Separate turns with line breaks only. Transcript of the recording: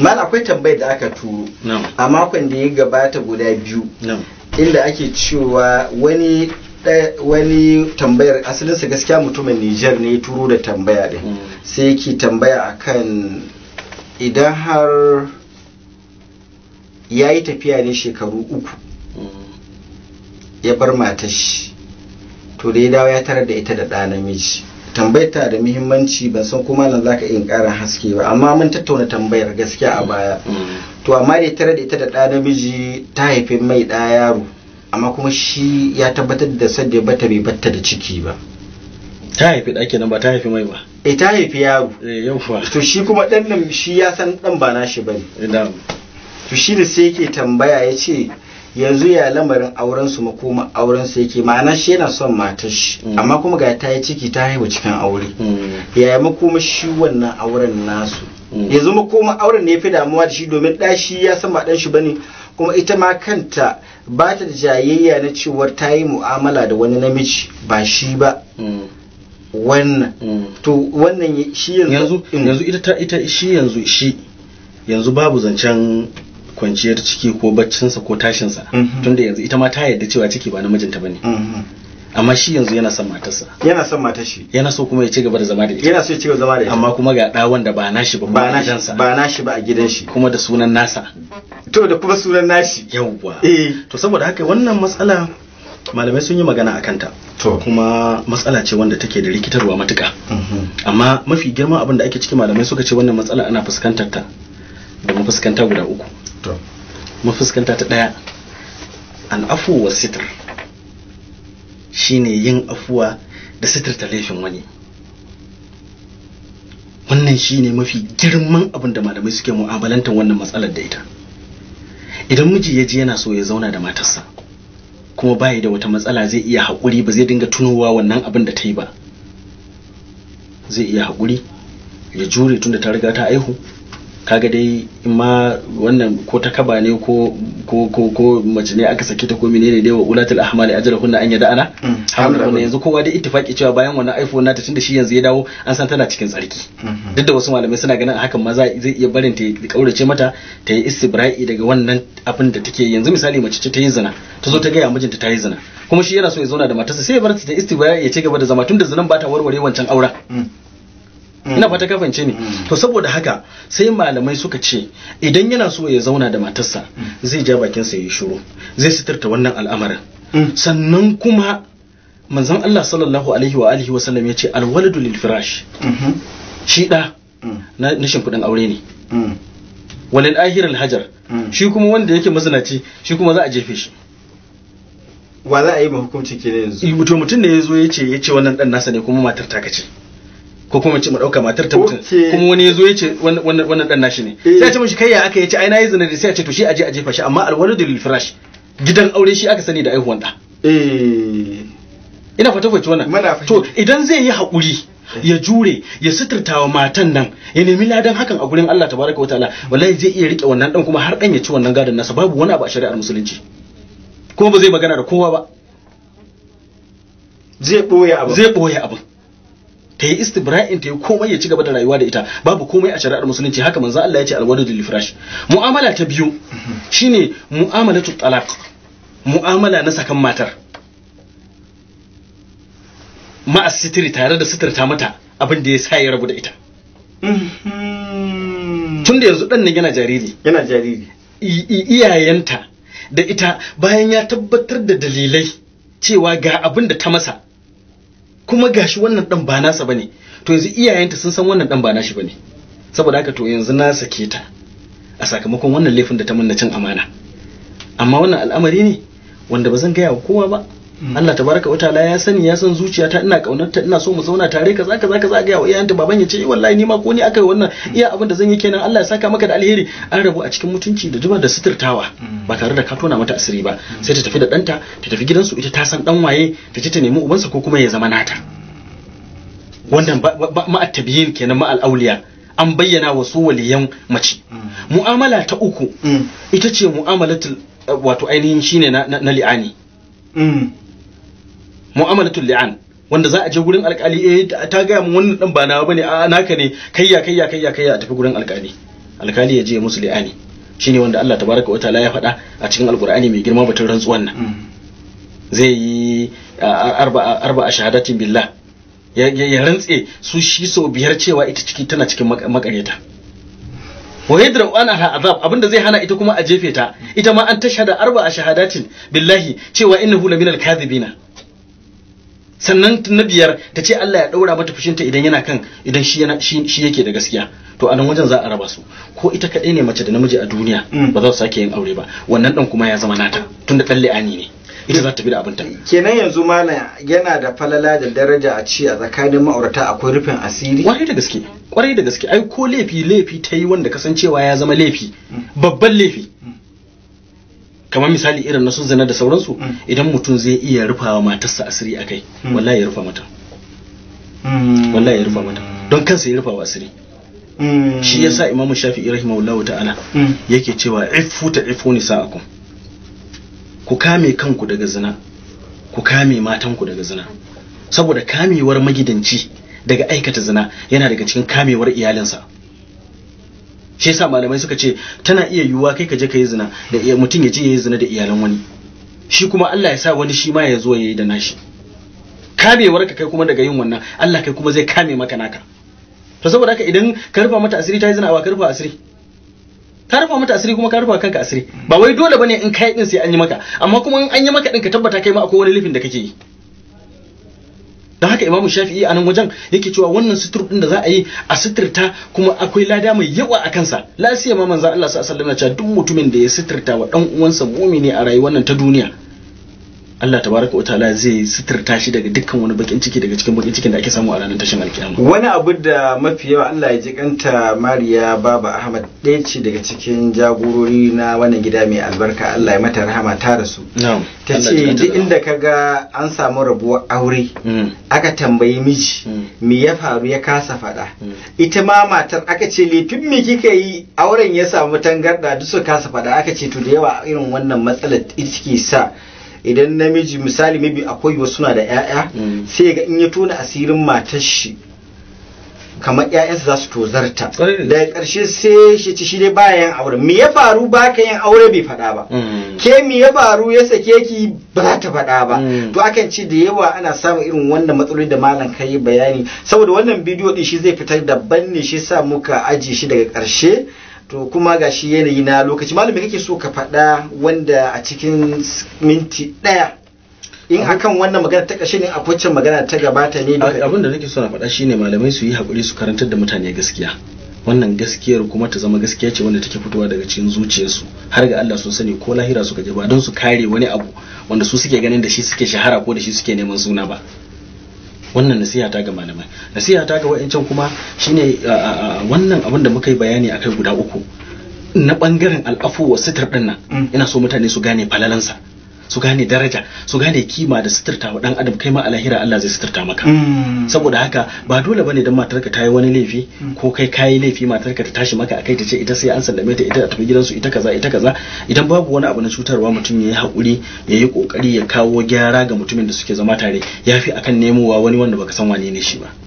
mal akwai tambayar da aka turo a makon da ya gabata guda biyu inda ake cewa wani wani tambayar asalinsa gaskiya mutumin Nijar ne ya turo da tambaya din mm. sai yake tambaya akan idan har ya yi tafiya ne shekaru uku mm. ya bar matashi to da ya dawo ya tarar da ita da ɗa namiji tambayta da muhimmanci ban san ko malam zaka iya ƙara haske ba amma mun tattauna tambayar gaskiya a baya to amma da tare da ita da ɗa namiji ta haifi mai ɗa yaro amma kuma shi ya tabbatar da sadda bata bai batta da ciki ba ta haifi ɗa nan ba ta haifi mai ba e ta haifi yaro eh, to shi kuma ɗan nan shi ya san ɗan ba nashi ba ne eh, to shi da sai yake tambaya ya ce yanzu ya lamarin auren su makoma auren su yake ma'ana shi yana son matar shi mm. amma kuma ga ta yi ciki ta haihu cikin aure mm. ya yi makoma shi wannan auren nasu mm. yanzu makoma auren ne ya fi damuwa da shi domin shi ya san ba ɗan shi bane kuma ita ma kanta ba ta da jayayya na cewar ta yi mu'amala da wani namiji ba shi ba wannan to wannan shi yanzu yanzu ita ita shi yanzu shi yanzu babu zancen kwanciyar ciki ko baccinsa ko tashinsa mhm. tunda yanzu ita ma ta yadda cewa ciki ba namijinta bane mhm. amma shi yanzu yana son matarsa yana son matar shi yana so kuma ya ci gaba da zama da ita yana so ya ci gaba da zama da ita amma kuma ga da wanda ba nashi ba ba nashi ba nashi ba a gidan shi kuma da sunan nasa to da kuma sunan nashi yawwa eh to saboda haka wannan matsala malamai sun yi magana akan ta to kuma matsala ce wanda take da rikitarwa matuka mhm. amma mafi girman abin da ake ciki malamai suka ce wannan matsala ana fuskantar ta da mu fuskanta guda uku to mafuskanta ta daya an wa sitr shine yin afuwa da sitir laifin wani wannan shine mafi girman abin da malamai suke mu'amalantar wannan matsalar da ita idan miji ya ji yana so ya zauna da matarsa kuma bayi da wata matsala zai iya haƙuri ba zai dinga tunowa wannan abin da ta yi ba zai iya haƙuri ya jure tunda ta riga ta aihu kaga dai ma wannan ko ta kaba ne ko ko ko ko mace ne aka sake ta ko menene dai wa ulatul ahmali ajra kunna an yada ana mm. hamdulillah yanzu kowa dai ittifaki cewa bayan wannan iPhone nata tunda shi yanzu ya dawo an san tana cikin tsarki mm-hmm. duk da wasu malamai suna ganin hakan ma zai iya barin ta kaurace mata ta yi istibra'i daga wannan abin da take yanzu misali mace ce ta yi zina ta zo ta ga mijinta ta yi zina kuma shi yana so ya zauna da matarsa sai ya bar ta istibra'i ya ci gaba da zama tunda zinan ba ta warware wancan auren mm. Mm. ina fata ka fahimce ni mm. to saboda haka sai malamai suka ce idan yana so ya zauna da matarsa mm. zai ja bakinsa ya shiru zai sitirta wannan al'amarin sannan kuma manzon Allah sallallahu alaihi wa alihi wa sallam ya ce alwaladu lil firash mm-hmm. shi da na kudin aure ne walil ahir hajar. shi kuma wanda yake mazinaci shi kuma za a jefe shi wa za a yi mahukunci ke yanzu mutum ne ya zo ya ce ya ce wannan dan nasa ne kuma matar ta kace ko kuma ce mu dauka matar ta mutum kuma wani yazo yace wannan dan nashi ne eh. sai a ce mishi kai ya aka yace ai nayi zina da sai a ce to shi aje a jefa shi amma alwaladu lil firash gidan aure shi aka sani da aihuwan da eh ina fata fata wannan to idan zai yi hakuri eh. ya jure ya suturtawa matan nan ya nemi ladan hakan a gurin Allah tabaraka wa ta'ala wallahi zai iya rike wannan dan kuma har dan ya ci wannan gadon nasa babu wani abu a shari'ar musulunci kuma ba zai magana da kowa ba zai boye abu. zai boye abu ta yi istibra'in ta yi komai ya ci gaba da rayuwa da ita babu komai a shari'ar musulunci haka manzo Allah ya ce alwadu lil firash mu'amala ta biyu shine mu'amalatu talaq mu'amala na sakan matar ma'as sitiri tare da sitirta mata abin da ya sa ya rabu da ita mm-hmm. tun da yanzu ɗannan yana jariri yana jariri iyayenta da ita bayan ya tabbatar da dalilai cewa ga abin da ta masa kuma gashi wannan dan ba nasa bane to yanzu iyayenta sun san wannan dan ba nashi bane saboda haka to yanzu na sake ta a sakamakon wannan laifin da ta mun cin amana amma wannan al'amari ne wanda ba zan gaya wa kowa ba Mm. Allah tabaraka wa ta'ala ya sani ya san zuciyata ina kaunarta ina so mu zauna tare ka zaka zaka zaka ga wa iyayenta baban ya ce eh, wallahi ni ma ko ni aka yi wannan mm. iya abin da zan yi kenan Allah ya saka maka da alheri an rabu a cikin mutunci da juma da suturtawa mm. ba tare da ka tona mata asiri ba sai ta tafi da danta ta tafi gidansu ita ta san dan waye ta ji ta nemi sa ko kuma ya zama nata wannan ba ma'attabiyin kenan ma al'auliya an bayyana wa su waliyan mace mu'amala ta uku ita ce mu'amalatul wato ainihin shine na li'ani mu'amalatul li'an wanda za a je gurin alkali eh ta gaya mun wannan dan ba na bane a naka ne kayya kayya kayya kayya a tafi gurin alkali alkali ya je musu li'ani shine wanda Allah tabaraka wa ta'ala ya faɗa a cikin alkur'ani mai girma batun rantsuwan nan mm. zai yi arba a shahadatin billah ya rantse su shi sau biyar cewa ita ciki tana cikin makareta wa yadra wa anaha azab abinda zai hana ita kuma a jefe ta ita ma an tashhada arba a shahadatin billahi cewa innahu la minal kadhibina sannan na biyar ta ce Allah ya ɗaura mata fushinta idan yana kan idan shi yake da gaskiya to a nan wajen za a raba su ko ita kaɗai ne mace da namiji a duniya mm. ba za su sake yin aure ba wannan dan kuma ya zama nata tun da li'ani ne ita za ta bi da abin ta. kenan yanzu malam yana da falala da daraja a ci a tsakanin ma'aurata akwai rufin asiri kwarai da gaske kwarai da gaske ai ko laifi laifi ta yi wanda kasancewa ya zama laifi mm. babban laifi kamar misali irin na sun zina da sauransu mm. idan mutum zai iya rufawa matarsa asiri akai mm. wallahi ya rufa mata mm. wallahi ya rufa mata don kansa ya rufawa asiri shi ya yasa imam shafi'i rahimahullahu ta'ala yake cewa ifu ta ifu sa'akun ku kame kanku daga zina ku kame matanku daga zina saboda kamewar magidanci daga aikata zina yana daga cikin kamewar iyalinsa shi yasa malamai suka ce tana iya yiwuwa kai ka je ka yi zina da mutum ya je ya yi zina da iyalan wani shi kuma Allah ya sa wani shi ma ya zo ya yi da nashi kamewar ka kai kuma daga yin wannan Allah kai kuma zai kame maka naka to saboda haka idan ka rufa mata asiri ta yi zina a ka rufa asiri ka rufa mata asiri kuma ka rufa kanka asiri ba wai dole bane in kai din sai an yi maka amma kuma in an yi maka din ka tabbata kai ma akwai wani lifin da kake yi dan haka imamu shafi'i a nan wajen yake cewa wannan sutur din da za a yi a suturta kuma akwai lada mai yawa a kansa lasiya ma manzan Allah sallallahu alaihi wasallam ya ce duk mutumin da ya suturta wa dan uwansa mumini a rayuwar nan ta duniya Allah tabaraka wa zai suturta shi daga dukkan wani bakin ciki daga cikin bakin cikin da ake samu a ranar tashin alkiyama wani abu da mafi yawa Allah ya ji Mariya Baba Ahmad ɗaya ce daga cikin jagorori na wannan gida mai albarka Allah ya mata rahama ta rasu ta ce duk inda ka ga an samu rabuwar aure mm. aka tambayi miji mm. me ya faru ya kasa faɗa mm. ita ma matar aka ce laifin me kika yi auren ya samu tangarda duk su kasa faɗa aka ce to da yawa irin wannan matsalar ita ke sa idan namiji misali maybe akwai wasu suna da 'ya'ya mm. sai ga in ya tona asirin matar shi kamar 'ya'yansa za su tozarta daga ƙarshe sai shi ci shi ne baya yin aure me ya faru ba ka yin aure bai faɗa ba mm. ke me ya faru ya sake ki ba za ta faɗa ba mm. to akan ce da yawa ana samun irin wannan matsaloli da malam kai bayani saboda wannan bidiyo din shi zai fitar daban ne shi sa muka aje shi daga ƙarshe to kuma ga shi yanayi na lokaci malami kake so ka faɗa wanda a cikin minti ɗaya in akan wannan magana ta ƙashe ne a kwacin magana ta gabata ne abin da nake so na faɗa ne malamai su yi haƙuri su karantar da mutane gaskiya wannan gaskiyar kuma ta zama gaskiya ce wanda take fitowa daga cikin zuciyarsu har ga Allah su sani ko lahira suka je ba don su kare wani abu wanda su suke ganin da shi suke shahara ko da shi suke neman suna ba wannan nasiha ta ga malamai nasiha ta ga wa'ancan kuma shine wannan abin da muka yi bayani akai guda uku na bangaren al'afu wa sitar dinnan mm. ina so mutane su gane falalansa su gane daraja su gane kima da suturta wa dan adam kai ma alahira Allah zai suturta maka mm. saboda haka ba dole bane dan matarka ta yi wani laifi mm. ko kai kayi laifi matarka ta tashi maka akai ta ce ita sai an sallame ta ita a tafi gidansu ita kaza ita kaza idan babu wani abu na cutarwa mutum ya yi hakuri ya yi kokari ya kawo gyara ga mutumin da suke zama tare yafi akan nemowa wani wanda baka san wane ne shi ba